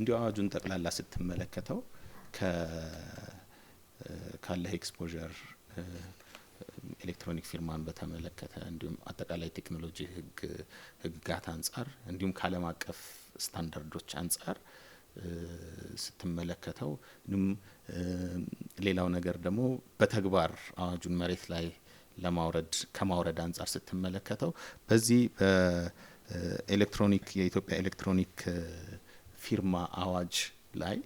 እንዲሁ አዋጁን ጠቅላላ ስትመለከተው ካለ ኤክስፖዠር ኤሌክትሮኒክ ፊርማን በተመለከተ እንዲሁም አጠቃላይ ቴክኖሎጂ ህግ ህግጋት አንጻር እንዲሁም ከአለም አቀፍ ስታንዳርዶች አንጻር ስትመለከተው ንም ሌላው ነገር ደግሞ በተግባር አዋጁን መሬት ላይ ለማውረድ ከማውረድ አንጻር ስትመለከተው በዚህ በኤሌክትሮኒክ የኢትዮጵያ ኤሌክትሮኒክ ፊርማ አዋጅ ላይ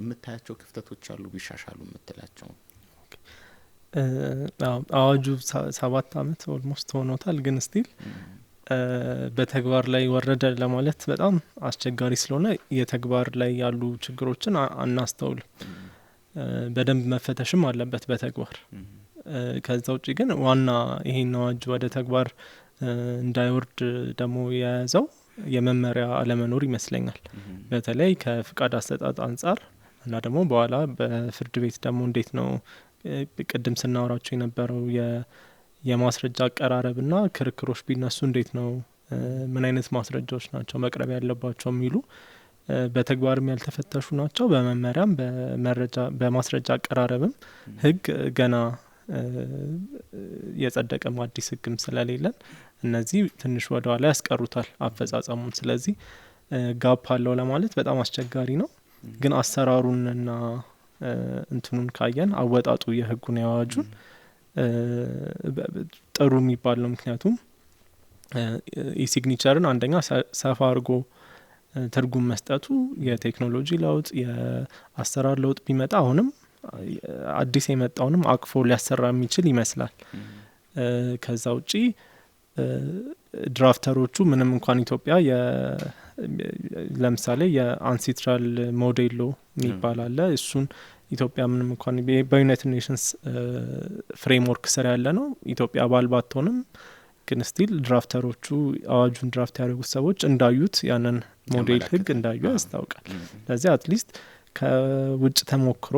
የምታያቸው ክፍተቶች አሉ ቢሻሻሉ የምትላቸው? አዋጁ ሰባት አመት ኦልሞስት ሆኖታል፣ ግን ስቲል በተግባር ላይ ወረደ ለማለት በጣም አስቸጋሪ ስለሆነ የተግባር ላይ ያሉ ችግሮችን አናስተውልም። በደንብ መፈተሽም አለበት በተግባር። ከዛ ውጭ ግን ዋና ይሄን አዋጅ ወደ ተግባር እንዳይወርድ ደግሞ የያዘው የመመሪያ አለመኖር ይመስለኛል። በተለይ ከፍቃድ አሰጣጥ አንጻር እና ደግሞ በኋላ በፍርድ ቤት ደግሞ እንዴት ነው ቅድም ስናወራቸው የነበረው የማስረጃ አቀራረብ ና ክርክሮች ቢነሱ እንዴት ነው ምን አይነት ማስረጃዎች ናቸው መቅረብ ያለባቸው የሚሉ በተግባርም ያልተፈተሹ ናቸው። በመመሪያም በመረጃ በማስረጃ አቀራረብም ህግ ገና የጸደቀም አዲስ ህግም ስለሌለን እነዚህ ትንሽ ወደኋላ ያስቀሩታል አፈጻጸሙን። ስለዚህ ጋፕ አለው ለማለት በጣም አስቸጋሪ ነው። ግን አሰራሩንና እንትኑን ካየን አወጣጡ የህጉን ያዋጁን ጥሩ የሚባል ነው። ምክንያቱም የሲግኒቸርን አንደኛ ሰፋ አድርጎ ትርጉም መስጠቱ የቴክኖሎጂ ለውጥ የአሰራር ለውጥ ቢመጣ አሁንም አዲስ የመጣውንም አቅፎ ሊያሰራ የሚችል ይመስላል። ከዛ ውጪ ድራፍተሮቹ ምንም እንኳን ኢትዮጵያ ለምሳሌ የአንሲትራል ሞዴሎ የሚባል አለ። እሱን ኢትዮጵያ ምንም እንኳን በዩናይትድ ኔሽንስ ፍሬምወርክ ስር ያለ ነው ኢትዮጵያ አባል ባትሆንም ግን ስቲል ድራፍተሮቹ አዋጁን ድራፍት ያደረጉት ሰዎች እንዳዩት ያንን ሞዴል ህግ እንዳዩ ያስታውቃል። ለዚህ አትሊስት ከውጭ ተሞክሮ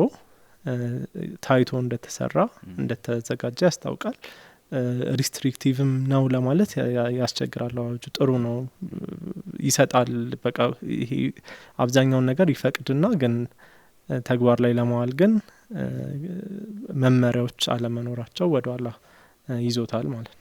ታይቶ እንደተሰራ እንደተዘጋጀ ያስታውቃል። ሪስትሪክቲቭም ነው ለማለት ያስቸግራል። አዋጁ ጥሩ ነው ይሰጣል። በቃ ይሄ አብዛኛውን ነገር ይፈቅድና ግን ተግባር ላይ ለመዋል ግን መመሪያዎች አለመኖራቸው ወደ ኋላ ይዞታል ማለት ነው።